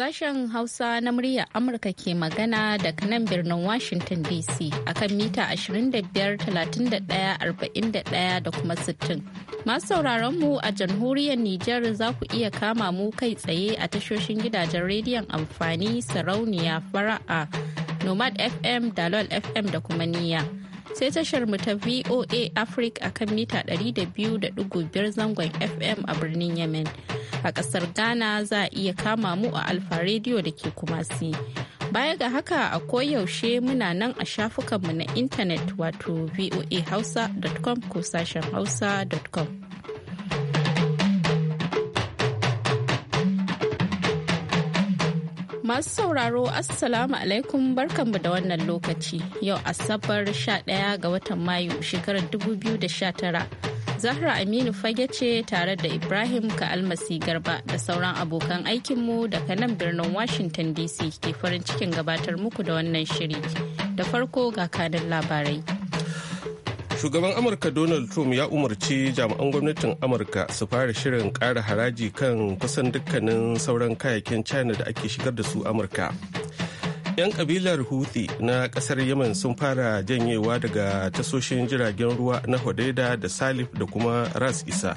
Sashen Hausa na murya Amurka ke magana daga nan birnin Washington DC akan mita 25-31-41 da kuma 60. Masu sauraron mu a jamhuriyar Nijar za ku iya kama mu kai tsaye a tashoshin gidajen rediyon amfani sarauniya fara'a Nomad FM, Dalol FM da kuma niya sai tashar mu ta VOA Africa akan mita 200.5 zangon FM a birnin Yemen. a ƙasar Ghana za a iya kama mu a Alfa Radio da ke Kumasi. Baya ga haka a koyaushe muna nan a shafukanmu na intanet wato voahausa.com ko sashen hausa.com. Masu sauraro Assalamu alaikum barkanmu da wannan lokaci yau Asabar 11 ga watan Mayu shekarar 2019. Zahra Aminu fage ce tare da Ibrahim Ka'almasi Garba da sauran abokan aikinmu daga nan birnin Washington DC ke farin cikin gabatar muku da wannan shiri. Da farko ga kanin labarai. Shugaban Amurka Donald Trump ya umarci jami'an gwamnatin Amurka su fara shirin kara haraji kan kusan dukkanin sauran kayayyakin China da ake shigar da su Amurka. 'Yan kabilar Houthi na kasar Yemen sun fara janyewa daga tasoshin jiragen ruwa na Hodeida da Salif da kuma Ras Isa.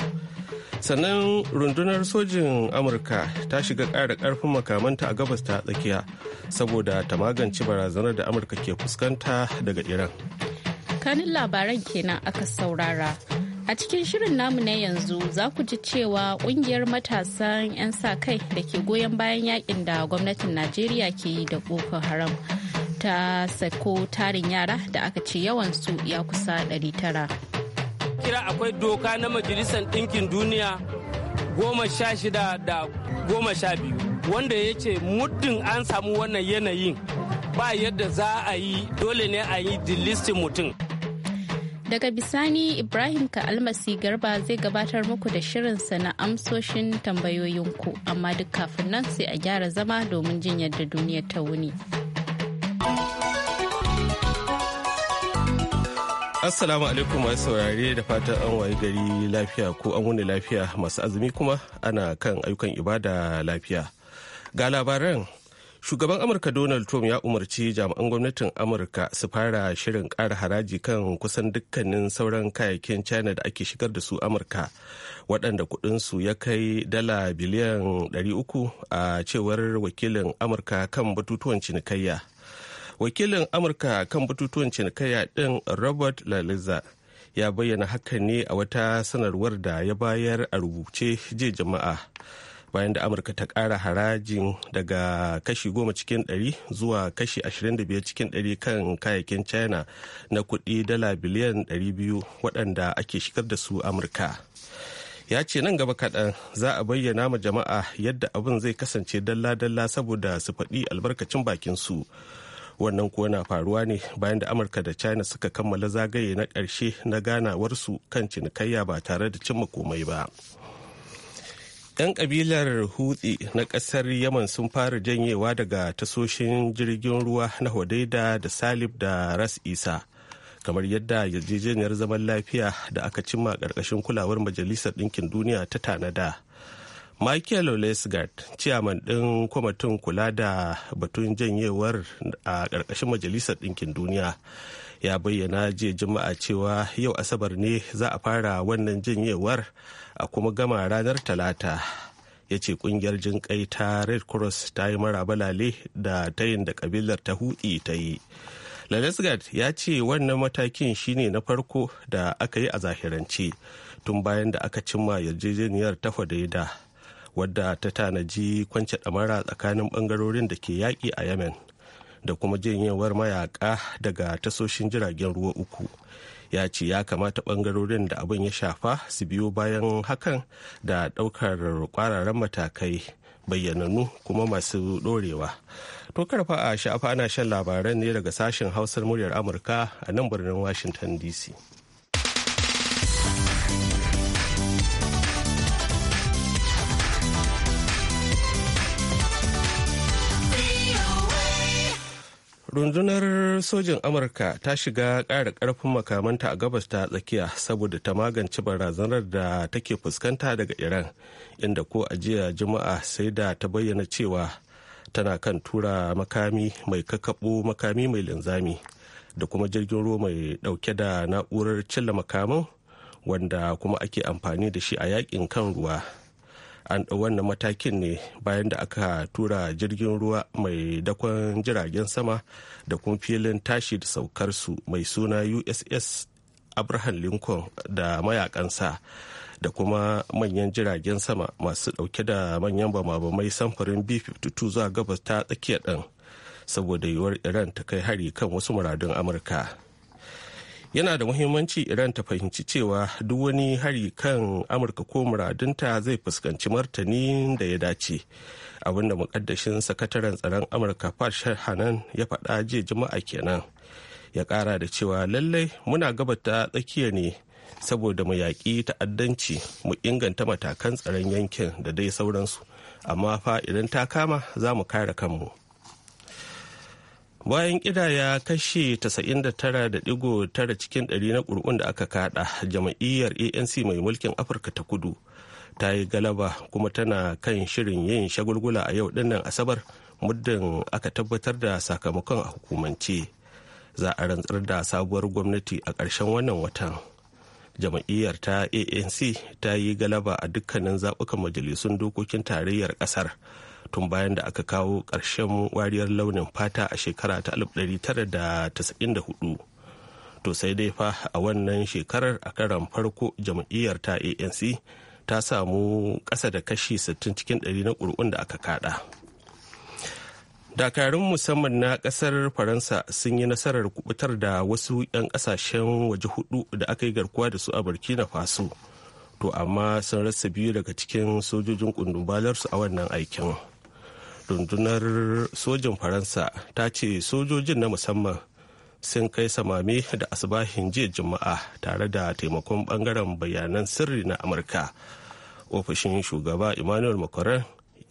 Sannan rundunar sojin Amurka ta shiga ƙara ƙarfin makamanta a gabas ta tsakiya saboda ta magance barazanar da Amurka ke fuskanta daga Iran. Kanin labaran kenan aka saurara. A cikin shirin namu na yanzu za ku ji cewa kungiyar matasan 'yan sa kai da ke goyon bayan yakin da gwamnatin Najeriya ke yi da Boko Haram ta sako tarin yara da aka ce yawan su ya kusa 900. Kira akwai doka na Majalisar Ɗinkin Duniya goma sha shida da goma sha biyu wanda ya ce muddin an samu wannan yanayin ba yadda za a yi dole ne a yi dilistin mutum. Daga bisani Ibrahim ka almasi Garba zai gabatar muku da shirinsa na amsoshin tambayoyinku, amma duk kafin nan sai a gyara zama domin jin yadda duniya ta wuni. Assalamu alaikum mai saurare da fatan an wayi gari lafiya ko an wuni lafiya masu azumi kuma ana kan ayyukan ibada lafiya. Ga labaran shugaban amurka donald trump ya umarci jami'an gwamnatin amurka su fara shirin ƙara haraji kan kusan dukkanin sauran kayayyakin china da ake shigar da su amurka waɗanda su ya kai dala biliyan 300 a cewar wakilin amurka kan batutuwan cinikayya wakilin amurka kan batutuwan cinikayya ɗin robert laliza ya bayyana hakan ne a wata sanarwar da ya bayar a rubuce je jama'a bayan da amurka ta kara harajin daga kashi goma cikin ɗari zuwa kashi ashirin da biyar cikin ɗari kan kayayyakin china na kuɗi dala biliyan ɗari biyu waɗanda ake shigar da su amurka ya ce nan gaba kaɗan za a bayyana ma jama'a yadda abin zai kasance dalla-dalla saboda su faɗi albarkacin bakin su wannan kuwa na faruwa ne bayan da amurka da china suka kammala zagaye na ƙarshe na ganawarsu kan cinikayya ba tare da cimma komai ba. 'yan kabilar hutsi na kasar yaman sun fara janyewa daga tasoshin jirgin ruwa na hodaida da salib da ras isa kamar yadda yarjejeniyar zaman lafiya da aka cimma ƙarƙashin kulawar majalisar ɗinkin duniya ta tanada michael lesgard ciyaman ɗin kwamitin kula da batun janyewar a ƙarƙashin majalisar ɗinkin duniya ya bayyana jiya juma'a cewa yau asabar ne za a fara wannan janyewar a kuma gama ranar talata ya ce kungiyar jinƙai ta red cross ta yi marabalale da tayin da kabilar ta hudi ta yi lalesgard ya ce wannan matakin shine na farko da aka yi a zahirance tun bayan da aka cimma yarjejeniyar ta fadaida wadda ta tanaji kwance damara tsakanin bangarorin da ke yaƙi a yemen da kuma janyewar mayaka daga tasoshin jiragen ruwa uku ya ce ya kamata bangarorin da abin ya shafa su biyo bayan hakan da daukar kwararren matakai bayyananu kuma masu dorewa to karfa a shafa ana shan labaran ne daga sashen hausar muryar amurka a nan birnin washington dc rundunar sojin amurka ta shiga ƙara ƙarfin makamanta a gabas ta tsakiya saboda ta magance barazanar da take fuskanta daga iran inda ko a jiya juma'a sai da ta bayyana cewa tana kan tura makami mai kakkaɓo makami mai linzami da kuma jirgin ruwa mai ɗauke da na'urar cilla makaman wanda kuma ake amfani da shi a yakin kan ruwa an wannan matakin ne bayan da aka tura jirgin ruwa mai dakon jiragen sama da kuma filin tashi da saukar su mai suna uss abraham lincoln da mayakansa da kuma manyan jiragen sama masu dauke da manyan bama-bamai samfurin b-52 zuwa gabas ta tsakiya ɗan saboda yiwuwar iran ta kai hari kan wasu muradun amurka yana da muhimmanci iran ta fahimci cewa duk wani hari kan amurka ko muradunta zai fuskanci martani da ya dace abinda mukaddashin sakataren tsaron amurka fash hanan ya faɗa jiya juma'a kenan ya ƙara da cewa lallai muna gabata tsakiya ne saboda mu yaƙi ta'addanci mu inganta matakan tsaron yankin da dai sauransu amma fa idan ta kama za mu kare kanmu bayan ya kashe 99.9 cikin 100 na ƙuri'un da aka kada jama'iyyar anc mai mulkin afirka ta kudu ta yi galaba kuma tana kan shirin yin shagulgula a yau dinnan asabar muddin aka tabbatar da sakamakon a hukumance za a rantsar da sabuwar gwamnati a ƙarshen wannan watan jam'iyyar ta anc ta yi galaba a dukkanin zaɓukan majalisun dokokin tarayyar ƙasar. tun bayan da aka kawo ƙarshen wariyar launin fata a shekara ta 1994 to sai dai fa a wannan shekarar a karan farko jam'iyyar ta anc ta samu ƙasa da kashi 60 cikin 100 na ƙuri'un da aka kada dakarun musamman na ƙasar faransa sun yi nasarar kubutar da wasu 'yan ƙasashen waje hudu da aka yi garkuwa da su a burkina faso to amma sun rasa biyu daga cikin sojojin kundumbalarsu a wannan aikin. rundunar sojin faransa ta ce sojojin na musamman sun kai samame da asibahin jiya juma'a tare da taimakon bangaren bayanan sirri na amurka ofishin shugaba emmanuel macron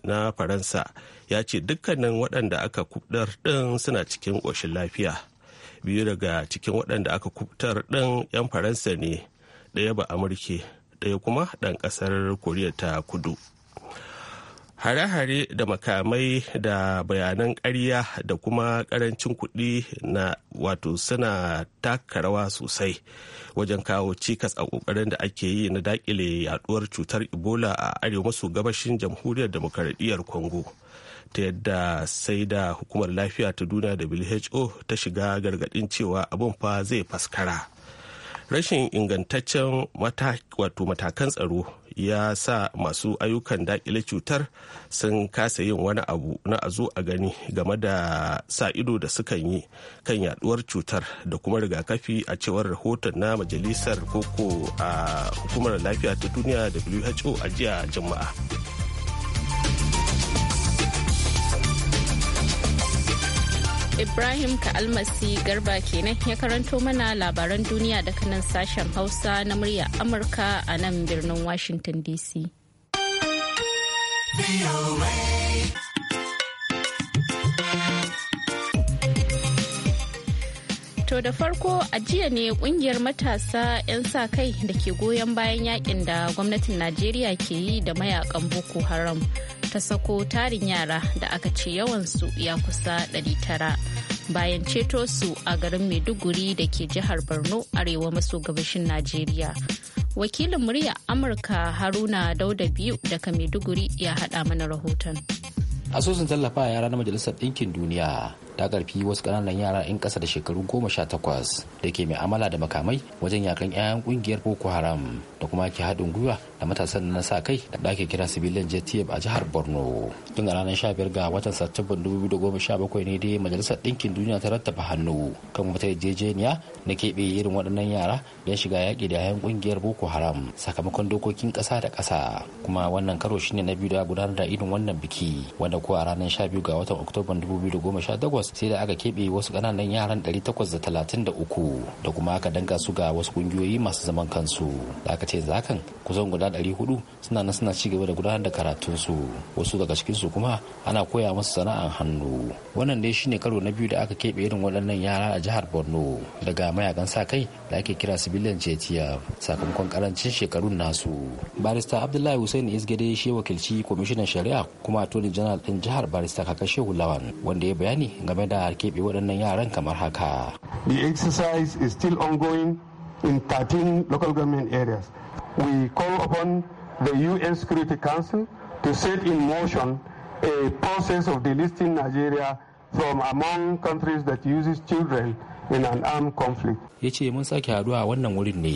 na faransa ya ce dukkanin waɗanda aka kubɗar ɗin suna cikin ƙoshin lafiya biyu daga cikin waɗanda aka kubtar ɗin 'yan faransa ne ɗaya ba amurke ɗaya kuma ɗan ƙasar koriya ta kudu hare-hare da makamai da bayanan ƙarya da kuma ƙarancin kuɗi na wato suna taka rawa sosai wajen kawo cikas a ƙoƙarin da ake yi na daƙile yaɗuwar cutar ebola a arewa maso gabashin jamhuriyar demokaradiyyar congo ta yadda sai da hukumar lafiya ta duniya who ta shiga gargaɗin cewa abin fa zai faskara. rashin ingantaccen matakan tsaro ya sa masu ayyukan dakile cutar sun kasa yin wani abu na a a gani game da sa ido da sukan yi kan yaduwar cutar da kuma rigakafi a cewar rahoton na majalisar koko a hukumar lafiya ta duniya who a jiya jama'a. Ibrahim Ka'almasi Garba kenan ya karanto mana labaran duniya daga nan sashen Hausa na murya Amurka a nan birnin Washington DC. To da farko a jiya ne kungiyar matasa 'yan sa kai da ke goyon bayan yakin da gwamnatin Najeriya ke yi da mayakan Boko Haram ta sako tarin yara da aka ce yawansu ya kusa 900 bayan ceto su a garin maiduguri da ke jihar borno arewa maso gabashin najeriya wakilin murya amurka haruna dauda biyu daga maiduguri ya hada mana rahoton asusun tallafa yara na majalisar ɗinkin duniya ta karfi wasu kananan yara in kasa da shekaru goma sha takwas da ke mai amala da makamai wajen yakan 'ya'yan ƙungiyar boko haram da kuma ke haɗin gwiwa da matasan na sa kai da ake kira civilian jtf a jihar borno tun a ranar sha biyar ga watan satumban bakwai ne dai majalisar ɗinkin duniya ta rattaba hannu kan wata yarjejeniya na keɓe irin waɗannan yara don shiga yaƙi da 'ya'yan kungiyar boko haram sakamakon dokokin ƙasa da ƙasa kuma wannan karo shine na biyu da gudanar da irin wannan biki wanda ko a ranar biyu ga watan oktoban takwas takwas sai da aka keɓe wasu ƙananan yaran ɗari takwas da talatin da uku da kuma aka danga su ga wasu ƙungiyoyi masu zaman kansu da aka ce zakan kusan guda ɗari hudu suna na suna ci gaba da gudanar da karatunsu wasu daga cikinsu kuma ana koya musu sana'ar hannu wannan dai shine karo na biyu da aka keɓe irin waɗannan yara a jihar borno daga mayakan sa kai da ake kira civilian jtf sakamakon karancin shekarun nasu barista abdullahi hussein isgade shi wakilci kwamishinan shari'a kuma attorney general ɗin jihar barista kakashe hulawan wanda ya bayani game da keɓe waɗannan yaran kamar haka. The exercise is still ongoing in 13 local government areas. We call upon the UN Security Council to set in motion a process of delisting Nigeria from among countries that uses children in an armed conflict. Ya ce mun sake haduwa wannan wurin ne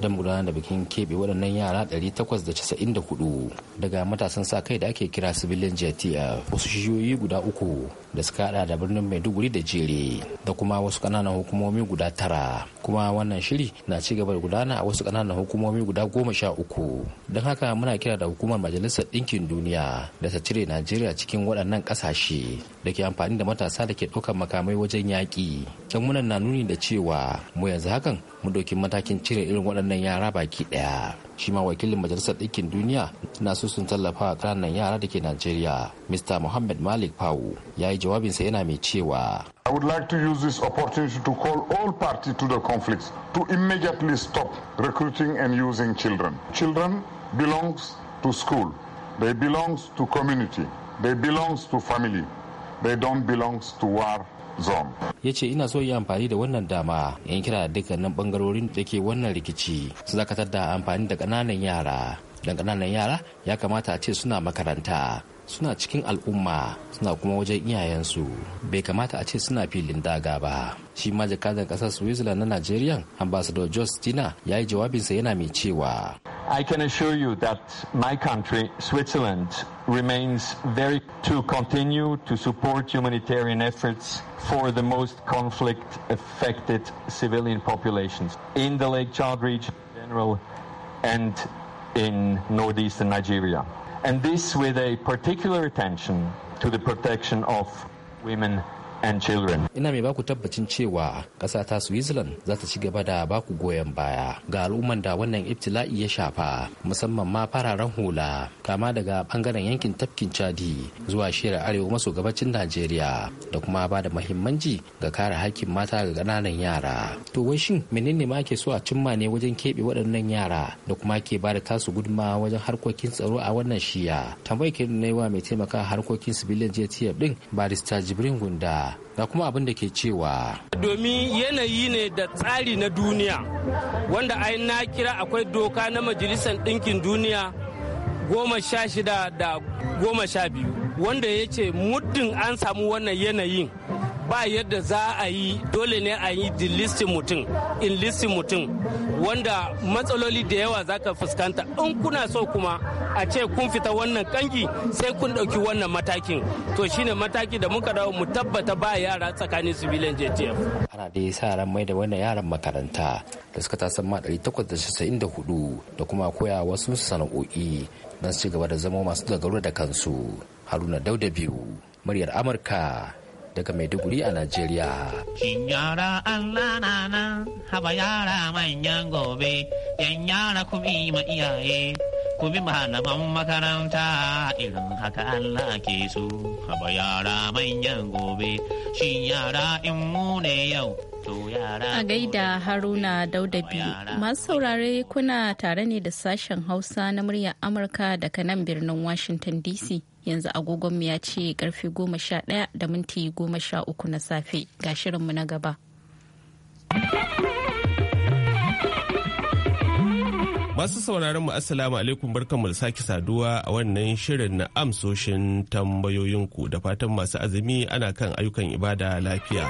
don gudanar da bikin keɓe waɗannan yara 894 daga matasan sa kai da ake kira civilian jtf wasu shiyoyi guda uku da suka hada da birnin maiduguri da jere da kuma wasu ƙananan hukumomi guda tara kuma wannan shiri na ci gaba da gudana a wasu ƙananan hukumomi guda goma sha uku don haka muna kira da hukumar majalisar ɗinkin duniya da ta cire najeriya cikin waɗannan ƙasashe da ke amfani da matasa da ke ɗaukar makamai wajen yaƙi muna na nuni da cewa mu yanzu hakan mu ɗauki matakin cire irin waɗannan yara baki ɗaya shi ma wakilin majalisar ɗinkin duniya na so sun tallafa wa ƙananan yara da ke najeriya mr muhammad malik pawu ya yi jawabinsa yana mai cewa I would like to use this opportunity to call all parties to the conflict to immediately stop recruiting and using children. Children belongs to school. They belongs to community. They belongs to family. they don't belong to war zone. ya ce ina so yi amfani da wannan dama yan kira da dukkanin bangarorin da ke wannan rikici su dakatar da amfani da ƙananan yara don ƙananan yara ya kamata a ce suna makaranta suna cikin al'umma suna kuma wajen iyayensu bai kamata a ce suna filin daga ba shi ma jakadan kasar switzerland na nigeria ambassador jos tina ya yi jawabinsa yana mai cewa I can assure you that my country, Switzerland, remains very to continue to support humanitarian efforts for the most conflict affected civilian populations in the Lake Chad region in general and in northeastern Nigeria. And this with a particular attention to the protection of women and children. Ina mai baku tabbacin cewa ƙasa ta Switzerland za ta ci gaba da baku goyon baya ga al'umman da wannan ibtila'i ya shafa musamman ma fararen hula kama daga bangaren yankin tafkin Chadi zuwa shirin arewa maso gabacin Najeriya da kuma ba da muhimmanci ga kare hakkin mata ga ƙananan yara. To wai shin menene ma ke so a cimma ne wajen keɓe waɗannan yara da kuma ke ba da tasu gudma wajen harkokin tsaro a wannan shiya. Tambayar ke wa mai taimaka harkokin civilian JTF din barista Jibrin Gunda da kuma abin da ke cewa. Domin yanayi ne da tsari na duniya wanda ai na kira akwai doka na majalisar ɗinkin duniya goma sha shida da goma sha biyu wanda ya ce muddin an samu wannan yanayin ba yadda za a yi dole ne a yi delisting mutum in listin mutum wanda matsaloli da yawa za ka fuskanta in kuna so kuma a ce kun fita wannan kangi sai kun ɗauki wannan matakin to shine mataki da muka dawo mu tabbata ba yara tsakanin civilian jtf ana da sa ran mai da wannan yaran makaranta da suka tasan ma 894 da kuma koya wasu sana'o'i don su ci gaba da zama masu dogaro da kansu haruna dauda biyu muryar amurka daga Maiduguri a Najeriya. Shin yara Allah na nan haba yara manyan gobe, yan yara ku bi ma iyaye, ku bi malaman makaranta irin haka Allah ke so. Haba yara manyan gobe, shin yara in mu ne yau. A gaida Haruna Daudabi, masu saurare kuna tare ne da sashen Hausa na muryar Amurka daga nan birnin Washington DC. yanzu agogonmu ya ce karfe goma sha ɗaya da minti goma sha uku na safe ga shirinmu na gaba. Masu sauraron mu assalamu alaikum barkanmu da sake saduwa a wannan shirin na amsoshin tambayoyinku da fatan masu azumi ana kan ayyukan ibada lafiya.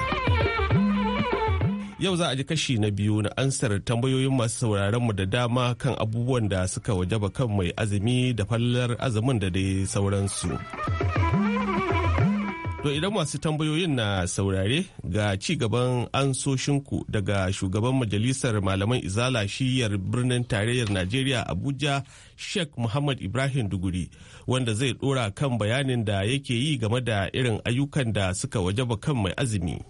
Yau za a ji kashi na biyu na ansar tambayoyin masu sauraron mu da dama kan abubuwan da suka wajaba kan mai azumi da fallar azumin da dai sauransu. To idan masu tambayoyin na saurare ga ci gaban ansoshinku daga shugaban majalisar malaman izala shiyar birnin tarayyar Najeriya Abuja Sheikh Muhammad Ibrahim Duguri wanda zai dora kan bayanin da yake yi game da irin ayyukan da suka wajaba kan mai azumi.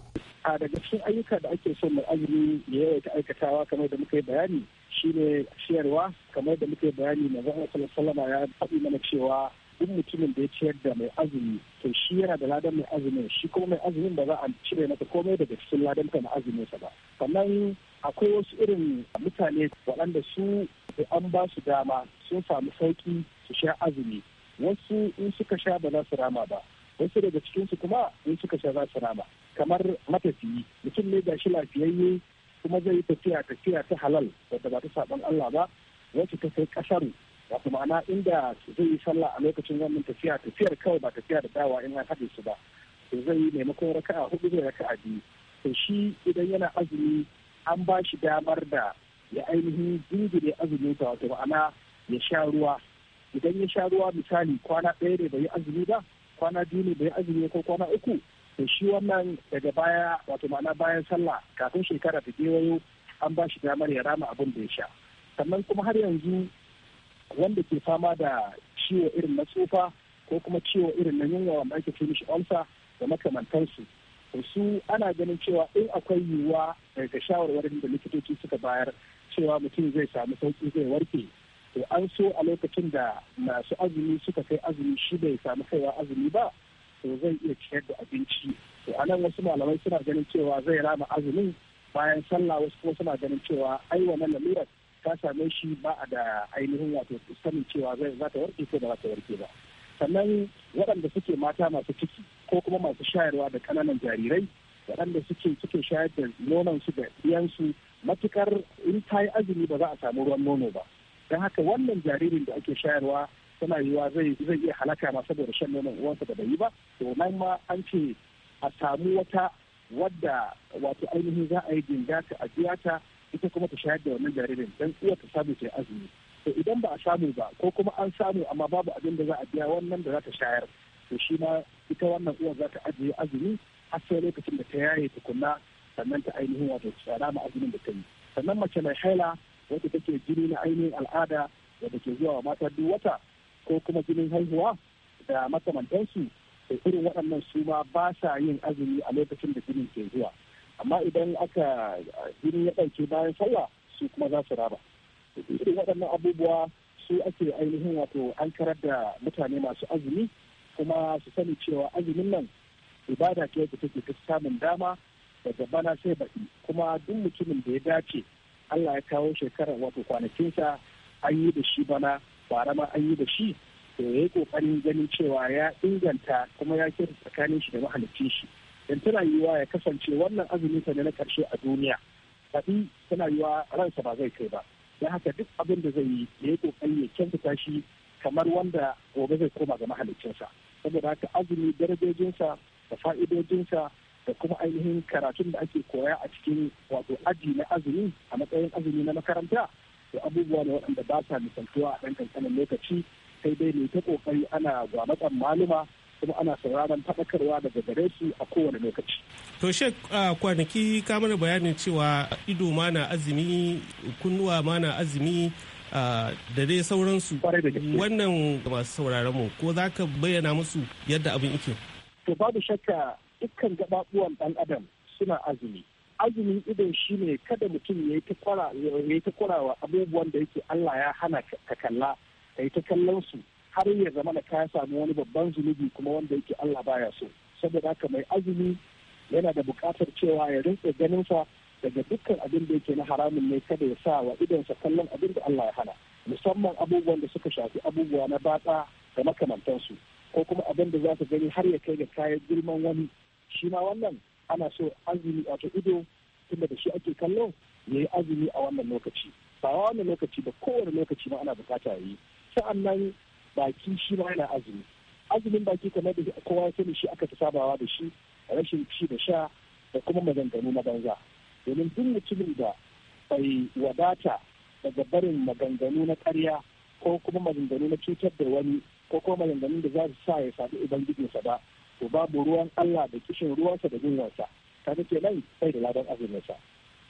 a daga cikin ayyuka da ake so mai azumi ya yawaita aikatawa kamar da muka yi bayani ne ciyarwa kamar da muka yi bayani na zama sallama ya faɗi mana cewa duk mutumin da ya ciyar da mai azumi to shi yana da ladan mai azumin shi kuma mai azumin ba za a cire masa komai daga cikin ka na azumin sa ba sannan akwai wasu irin mutane waɗanda su da an ba su dama sun samu sauƙi su sha azumi wasu in suka sha ba za su rama ba wasu daga cikinsu kuma in suka sha za su rama kamar matafiyi mutum ne ga shi lafiyayye kuma zai yi tafiya tafiya ta halal wadda ba ta saban Allah ba wacce ta kai kasar wato ma'ana inda zai yi sallah a lokacin wannan tafiya tafiyar kawai ba tafiya da dawa in an haɗe su ba zai yi maimakon raka'a hudu zai raka'a biyu to shi idan yana azumi an ba shi damar da ya ainihin jingire azumin ta wato ma'ana ya sha ruwa idan ya sha ruwa misali kwana ɗaya ne bai yi azumi ba kwana biyu ne bai yi azumi ko kwana uku to shi wannan daga baya wato ma'ana bayan sallah kafin shekara ta gewayo an ba shi damar ya rama abin da ya sha sannan kuma har yanzu wanda ke fama da ciwo irin na tsufa ko kuma ciwo irin na yunwa wanda ake ce mishi ulcer da makamantansu to su ana ganin cewa in akwai yiwuwa daga shawarwarin da likitoci suka bayar cewa mutum zai samu sauki zai warke to an so a lokacin da masu azumi suka kai azumi shi bai samu kaiwa azumi ba to zai iya ciyar da abinci to a nan wasu malamai suna ganin cewa zai rama azumin bayan sallah wasu kuma suna ganin cewa ai wannan lalurar ta same shi ba a da ainihin wato sanin cewa zai za ta warke ko ba za ta warke ba sannan waɗanda suke mata masu ciki ko kuma masu shayarwa da ƙananan jarirai waɗanda suke suke shayar da nononsu da ɗiyansu matukar in ta yi azumi ba za a samu ruwan nono ba don haka wannan jaririn da ake shayarwa tana yiwa zai zai iya halaka ma saboda shan nonon uwansa da bai yi ba to nan ma an ce a samu wata wadda wato ainihin za a yi dinga ta a biya ta ita kuma ta shayar da wannan jaririn dan uwa ta samu ta azumi to idan ba a samu ba ko kuma an samu amma babu abin da za a biya wannan da za ta shayar to shi ma ita wannan uwa za ta ajiye azumi har sai lokacin da ta yaye tukunna sannan ta ainihin wato tsara ma azumin da ta yi sannan mace mai haila wadda take jini na ainihin al'ada wadda ke zuwa mata duk wata ko kuma jinin haihuwa da makamantansu da irin waɗannan su ma ba sa yin azumi a lokacin da jinin ke zuwa amma idan aka jini ya ɗauke bayan sallah su kuma za su raba irin waɗannan abubuwa su ake ainihin wato an karar da mutane masu azumi kuma su sani cewa azumin nan ibada ce da take ta samun dama daga bana sai baɗi kuma duk mutumin da ya dace Allah ya kawo shekarar wato kwanakinsa an yi da shi bana bara ma an yi da shi to ya yi kokarin ganin cewa ya inganta kuma ya kira tsakanin shi da mahalicci shi dan tana yiwa ya kasance wannan azumin sa ne na karshe a duniya tafi tana yiwa ransa ba zai kai ba dan haka duk abin da zai yi ya yi kokari ya kyautata shi kamar wanda gobe zai koma ga mahaliccinsa saboda haka azumi darajojinsa da fa'idojinsa da kuma ainihin karatun da ake koya a cikin wato aji na azumi a matsayin azumi na makaranta to abubuwa ne waɗanda ba sa misaltuwa a ɗan kankanin lokaci sai dai ne ta ƙoƙari ana gwamatsan maluma kuma ana sauraron faɗakarwa daga gare su a kowane lokaci. To shek kwanaki ka mana bayanin cewa ido ma na azumi kunnuwa ma na azumi da dai sauransu wannan masu sauraron mu ko za ka bayyana musu yadda abin ike. To babu shakka dukkan gaɓaɓuwan ɗan adam suna azumi azumin idon shi ne kada mutum ya yi ta wa abubuwan da yake Allah ya hana ka kalla ka yi ta kallon su har ya zama da kaya samu wani babban zunubi kuma wanda yake Allah baya so saboda haka mai azumi yana da bukatar cewa ya rinsa ganinsa daga dukkan abin da yake na haramun ne kada ya sa wa idonsa kallon abin da Allah ya hana musamman abubuwan da suka shafi abubuwa na batsa da makamantansu ko kuma abin da za su gani har ya kai ga kayan girman wani shi ma wannan ana so azumi wato ido tunda da shi ake kallo ya yi azumi a wannan lokaci ba wannan lokaci ba kowane lokaci ma ana bukata ya yi sa'annan baki shi ma yana azumi azumin baki kamar da kowa ya sani shi aka fi sabawa da shi rashin ci da sha da kuma maganganu na banza domin duk mutumin da bai wadata daga barin maganganu na karya ko kuma maganganu na cutar da wani ko kuma maganganun da za su sa ya saɓi ubangijinsa ba to babu ruwan Allah da kishin ruwansa da yunwarsa kaga nan sai da ladan azuminsa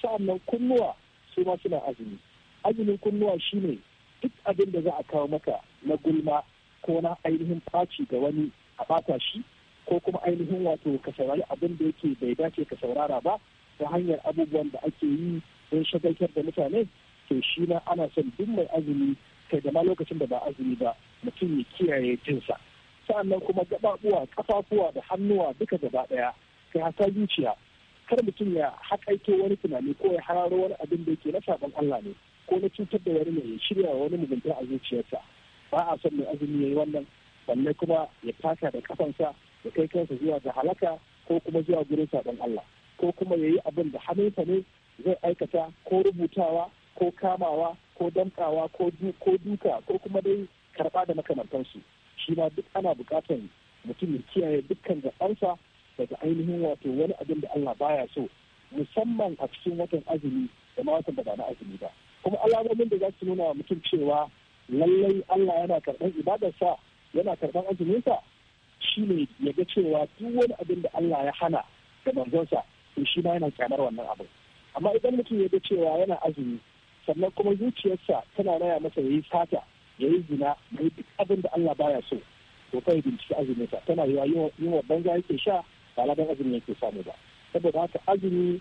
sa'annan kunnuwa su ma suna azumi azumin kunnuwa shine duk abin da za a kawo maka na gulma ko na ainihin faci ga wani a bata shi ko kuma ainihin wato ka saurari abin da yake bai dace ka saurara ba ta hanyar abubuwan da ake yi don shagaltar da mutane to shi na ana son duk mai azumi kai da ma lokacin da ba azumi ba mutum ya kiyaye jinsa sa'annan kuma gaɓaɓuwa kafafuwa da hannuwa duka gaba ɗaya kai hasa zuciya kar mutum ya haƙaito wani tunani ko ya hararo wani abin da yake na saɓon Allah ne ko na cutar da wani mai shirya wani mugunta a zuciyarsa ba a son mai azumi ya yi wannan balle kuma ya taka da kafansa ya kai kansa zuwa ga halaka ko kuma zuwa gurin saɓon Allah ko kuma ya yi abin da hannunsa ne zai aikata ko rubutawa ko kamawa ko damkawa ko duka ko kuma dai karɓa da makamantansu shi ma duk ana buƙatar mutum ya kiyaye dukkan gabansa daga ainihin wato wani abin da Allah baya so musamman a cikin watan azumi da ma watan da ba na azumi ba kuma alamomin da za su nuna wa mutum cewa lallai Allah yana karɓar ibadarsa yana karɓar azuminsa shi ne ya ga cewa duk wani abin da Allah ya hana da manzonsa to shi ma yana kyamar wannan abin amma idan mutum ya ga cewa yana azumi sannan kuma zuciyarsa tana raya masa ya yi sata ya yi zina ya yi duk abin da Allah baya so to kai binciki azumin sa tana yi yiwa banza yake sha ba ladan azumi yake samu ba saboda haka azumi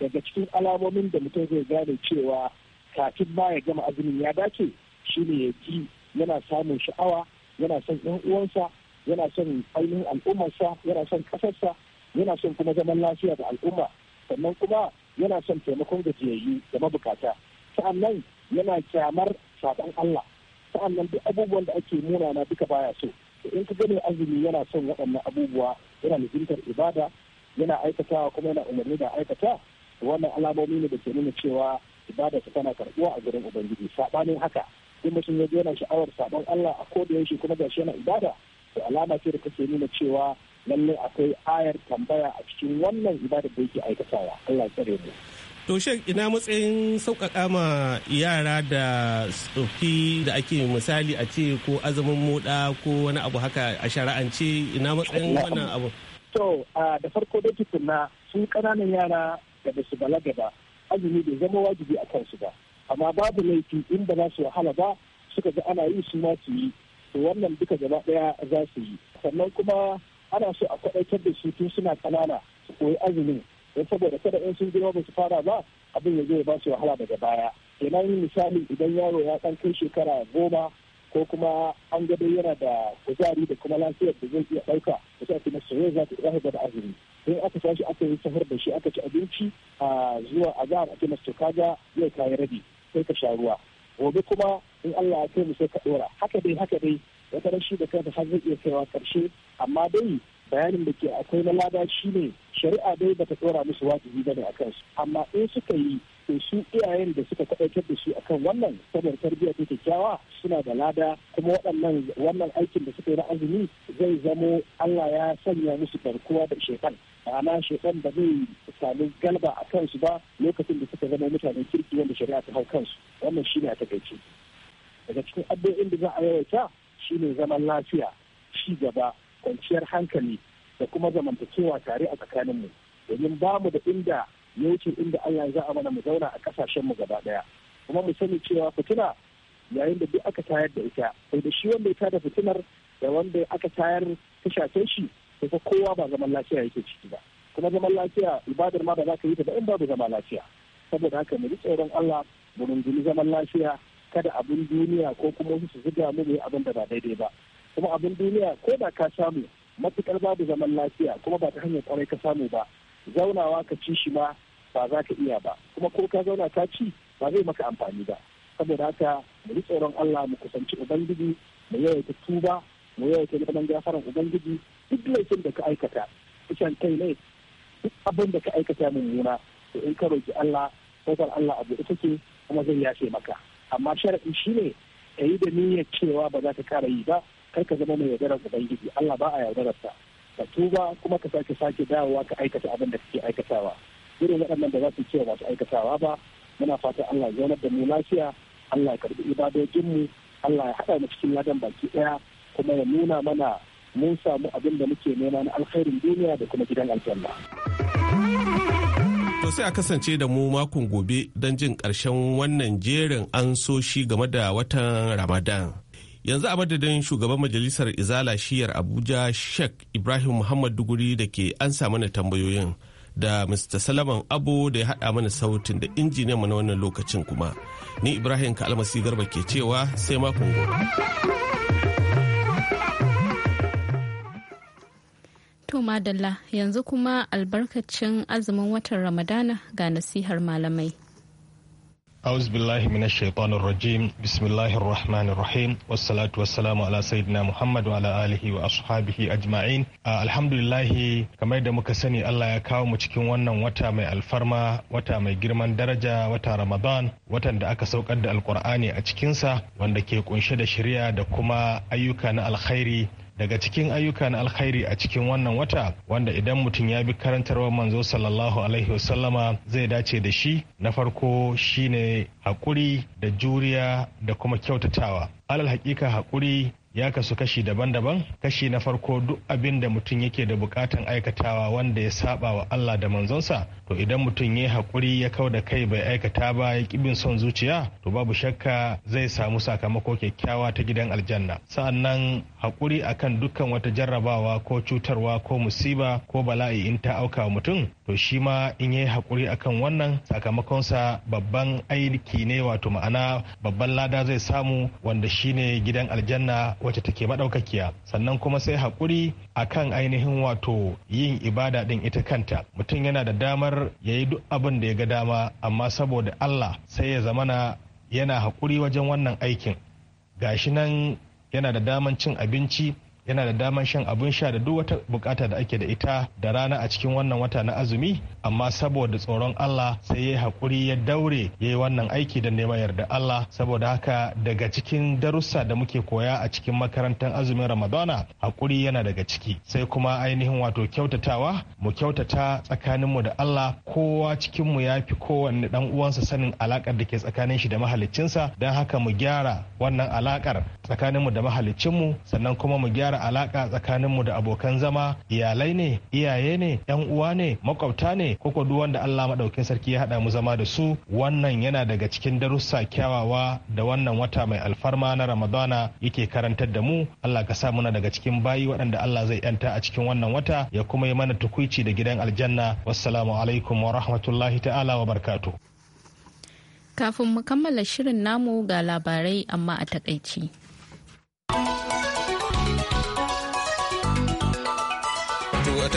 daga cikin alamomin da mutum zai gane cewa kafin ma ya gama azumin ya dace shi ne ya ji yana samun sha'awa yana son yan uwansa yana son ainihin al'ummarsa yana son kasarsa yana son kuma zaman lafiya da al'umma sannan kuma yana son taimakon gajiyayyu da mabukata sa'annan yana kyamar sabon Allah sa'annan duk abubuwan da ake na duka baya so in ka gani azumi yana son waɗannan abubuwa yana nufintar ibada yana aikatawa kuma yana umarni da aikata da wannan alamomi ne da ke nuna cewa ibada ta tana karɓuwa a gurin ubangiji saɓanin haka in mutum ya yana sha'awar saɓon allah a ko da yaushe kuma gashi yana ibada to alama ce da ke nuna cewa lallai akwai ayar tambaya a cikin wannan ibada da yake aikatawa allah ya tsare mu To shek ina matsayin sauƙaƙa ma yara da tsofi da ake misali a ce ko azumin moda ko wani abu haka a shara'ance ina matsayin wannan abu. To da farko da tukuna sun ƙananan yara da ba su balaga ba azumi bai zama wajibi a kansu ba amma babu laifi inda ba su wahala ba suka ga ana yi su ma su yi to wannan duka gaba ɗaya za su yi sannan kuma ana so a kwaɗaitar da su tun suna ƙanana su koyi azumin don saboda kada in sun girma ba su fara ba abin ya zai ba su wahala daga baya kenan misali idan yaro ya ɗan kai shekara goma ko kuma an gado yana da kuzari da kuma lafiyar da zai iya ɗauka da sa kuma soyayya za ta zahiba da azumi sai aka tashi aka yi sahur da shi aka ci abinci a zuwa azahar a ce masu kaga yau zai rabi sai ka sha ruwa gobe kuma in Allah ya kai mu sai ka ɗora haka dai haka dai wata rashi da da har zai iya kaiwa karshe amma dai bayanin da ke akwai na lada shi ne shari'a dai bata tsora musu wajibi bane a kansu amma in suka yi to su iyayen da suka kaɗaitar da su akan wannan saboda tarbiyya ta kyakkyawa suna da lada kuma waɗannan wannan aikin da suka yi na azumi zai zamo Allah ya sanya musu garkuwa da shekan ma'ana shekan da zai sami galba a kansu ba lokacin da suka zama mutanen kirki wanda shari'a ta hau kansu wannan shine a takaice daga cikin addu'o'in da za a yawaita shine zaman lafiya ci gaba kwanciyar hankali da kuma zamantakewa tare a tsakaninmu domin ba mu da inda ya wuce inda Allah za a mana mu zauna a kasashen mu gaba daya kuma mu sani cewa fitina yayin da duk aka tayar da ita sai da shi wanda ya tada fitinar da wanda aka tayar ta shafe shi sai fa kowa ba zaman lafiya yake ciki ba kuma zaman lafiya ibadar ma ba za ka yi ta ba in babu zaman lafiya saboda haka mu ji tsoron Allah mu rungumi zaman lafiya kada abin duniya ko kuma wasu su zuga mu abin da ba daidai ba kuma abin duniya ko da ka samu matukar babu zaman lafiya kuma ba ta hanyar kwarai ka samu ba zaunawa ka ci shi ma ba za ka iya ba kuma ko ka zauna ka ci ba zai maka amfani ba saboda haka mu yi tsoron Allah mu kusanci ubangiji mu yawaita tuba mu yawaita neman gafaran ubangiji duk laifin da ka aikata kusan kai ne duk abin da ka aikata mummuna to in ka roki Allah kofar Allah abu ita ce kuma zai yafe maka amma sharaɗi shine ka yi da niyyar cewa ba za ka kara yi ba kar ka zama mai yaudarar ubangiji Allah ba a yaudarar ka tuba kuma ka sake sake dawowa ka aikata abin da kake aikatawa irin waɗannan da za su ce masu aikatawa ba muna fatan Allah ya zaunar da mu lafiya Allah ya karbi ibadojin mu Allah ya haɗa mu cikin ladan baki ɗaya kuma ya nuna mana mun samu abin da muke nema na alkhairin duniya da kuma gidan aljanna. To sai a kasance da mu makon gobe don jin ƙarshen wannan jerin an so shi game da watan Ramadan. yanzu a madadin shugaban majalisar izala shiyar abuja sheikh ibrahim muhammad duguri da ke an samu na tambayoyin da mr salaman abu da ya haɗa mana sautin da injiniyan mana na wannan lokacin kuma ni ibrahim kalmasi garba ke cewa sai makon gobe to madalla yanzu kuma albarkacin azumin watan ramadana ga nasihar malamai أعوذ بالله من الشيطان الرجيم بسم الله الرحمن الرحيم والصلاة والسلام على سيدنا محمد وعلى آله وأصحابه أجمعين الحمد لله كما يدى مكسني الله يكاو مچكين وانا وطا مي الفرما وطا مي جرمان درجة وطا رمضان وطا دا أكا سوك أدى القرآن أچكينسا وانا كي كونشد شريعة دا كما أيوكا الخيري daga cikin ayyuka na alkhairi a cikin wannan wata wanda idan mutum ya bi karantarwar manzo sallallahu alaihi wasallama zai dace da shi na farko shine hakuri da juriya da kuma kyautatawa alal hakika hakuri. ya kasu kashi daban-daban kashi na farko duk abin da mutum yake da bukatan aikatawa wanda ya saba wa Allah da manzonsa to idan mutum ya haƙuri ya kau da kai bai aikata ba ya kibin son zuciya to babu shakka zai samu sakamako kyakkyawa ta gidan aljanna sa'annan haƙuri akan dukkan wata jarrabawa ko cutarwa ko musiba ko bala'i in ta auka mutum to shi ma in yi haƙuri akan wannan sakamakonsa babban aiki ne wato ma'ana babban lada zai samu wanda shine gidan aljanna wacce take maɗaukakiya sannan kuma sai haƙuri akan ainihin wato yin ibada din ita kanta mutum yana da damar ya yi duk abin da ya ga dama amma saboda allah sai ya zamana yana hakuri wajen wannan aikin gashi nan yana da daman cin abinci yana da daman shan abin sha da duk wata bukata da ake da ita da rana a cikin wannan wata na azumi amma saboda tsoron Allah sai yayi hakuri ya daure ya yi wannan aiki da neman yarda Allah saboda haka daga cikin darussa da muke koya a cikin makarantar azumin Ramadana hakuri yana daga ciki sai kuma ainihin wato kyautatawa mu kyautata tsakaninmu da Allah kowa cikin mu fi kowanne dan uwansa sanin alakar da ke tsakanin shi da mahaliccinsa don haka mu gyara wannan alakar tsakaninmu da mu sannan kuma mu gyara gyara alaka tsakaninmu da abokan zama iyalai ne iyaye ne yan uwa ne makwabta ne ko duk wanda Allah madaukin sarki ya haɗa mu zama da su wannan yana daga cikin darussa kyawawa da wannan wata mai alfarma na Ramadana yake karantar da mu Allah ka sa muna daga cikin bayi waɗanda Allah zai yanta a cikin wannan wata ya kuma yi mana tukuici da gidan aljanna wassalamu alaikum wa rahmatullahi ta'ala wa barkatu. Kafin mu kammala shirin namu ga labarai amma a takaici.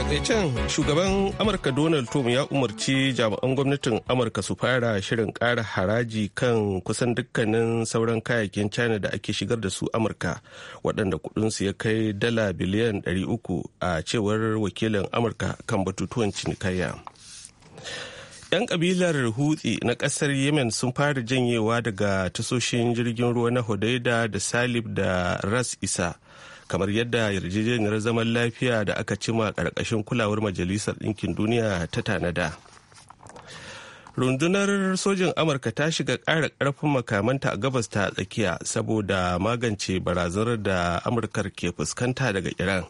takaicen shugaban amurka donald trump ya umarci jami'an gwamnatin amurka su fara shirin ƙara haraji kan kusan dukkanin sauran kayayyakin china da ake shigar da su amurka waɗanda kudinsu ya kai dala biliyan 300 a cewar wakilin amurka kan batutuwan cinikayya 'Yan kabilar Hutsi na kasar Yemen sun fara janyewa daga tasoshin jirgin ruwa na hudaida da Salib da Ras Isa kamar yadda yarjejeniyar zaman lafiya da aka cima ƙarƙashin kulawar majalisar ɗinkin duniya ta tanada rundunar sojin amurka ta shiga ƙara ƙarfin makamanta a gabas ta tsakiya saboda magance barazanar da amurkar ke fuskanta daga iran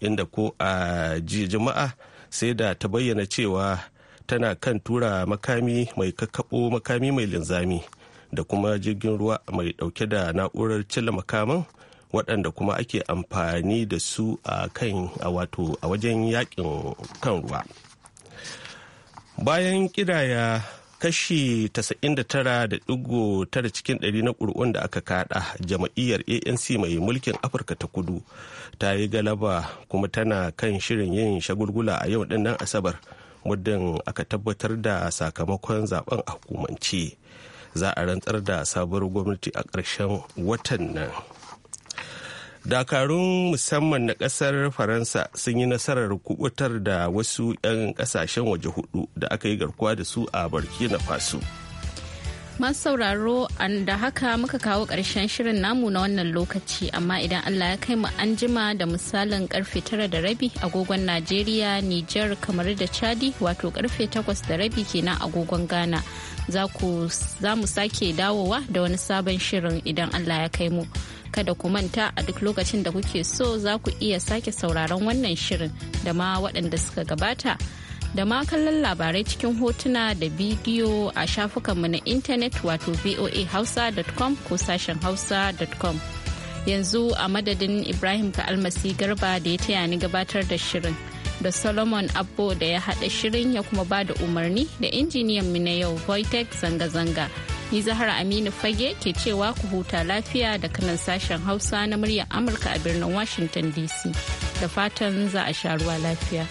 inda ko a ji juma'a sai da ta bayyana cewa tana kan tura makami mai kakkaɓo makami mai linzami da kuma jirgin ruwa mai ɗauke da na'urar cilla makaman waɗanda kuma ake amfani da su a kan wato a wajen yakin kan ruwa bayan kidaya kashi 99.9 cikin ɗari na ƙuri'un da aka kada jama'iyyar anc mai mulkin afirka ta kudu ta yi galaba kuma tana kan shirin yin shagulgula a yau dinnan asabar muddin aka tabbatar da sakamakon zaben a hukumance za a rantsar da sabuwar gwamnati a ƙarshen watan nan dakarun musamman na kasar faransa sun yi nasarar kubutar da wasu 'yan kasashen waje hudu da aka yi garkuwa da su a barki na faso masu sauraro da haka muka kawo ƙarshen shirin namu na wannan lokaci amma idan allah ya kai mu an jima da misalin karfe tara da rabi agogon najeriya niger kamar da chadi wato karfe takwas da rabi kenan agogon ghana za mu sake dawowa da wani sabon shirin idan allah ya kai mu. Kada ku manta a duk lokacin da kuke so za ku iya sake sauraron wannan shirin da ma waɗanda suka gabata. Da ma kallon labarai cikin hotuna da bidiyo a shafukanmu na intanet wato voahausa.com ko sashen hausa.com. Yanzu a madadin Ibrahim Ka'almasi Garba da ya taya ni gabatar da shirin. da solomon abbo da ya haɗa shirin ya kuma ba da umarni da injiniyan mu na yau voitech zanga-zanga Ni Zahara Aminu Fage ke cewa ku huta lafiya da kanan sashen Hausa na muryar Amurka a birnin Washington DC. Da fatan za a sha ruwa lafiya.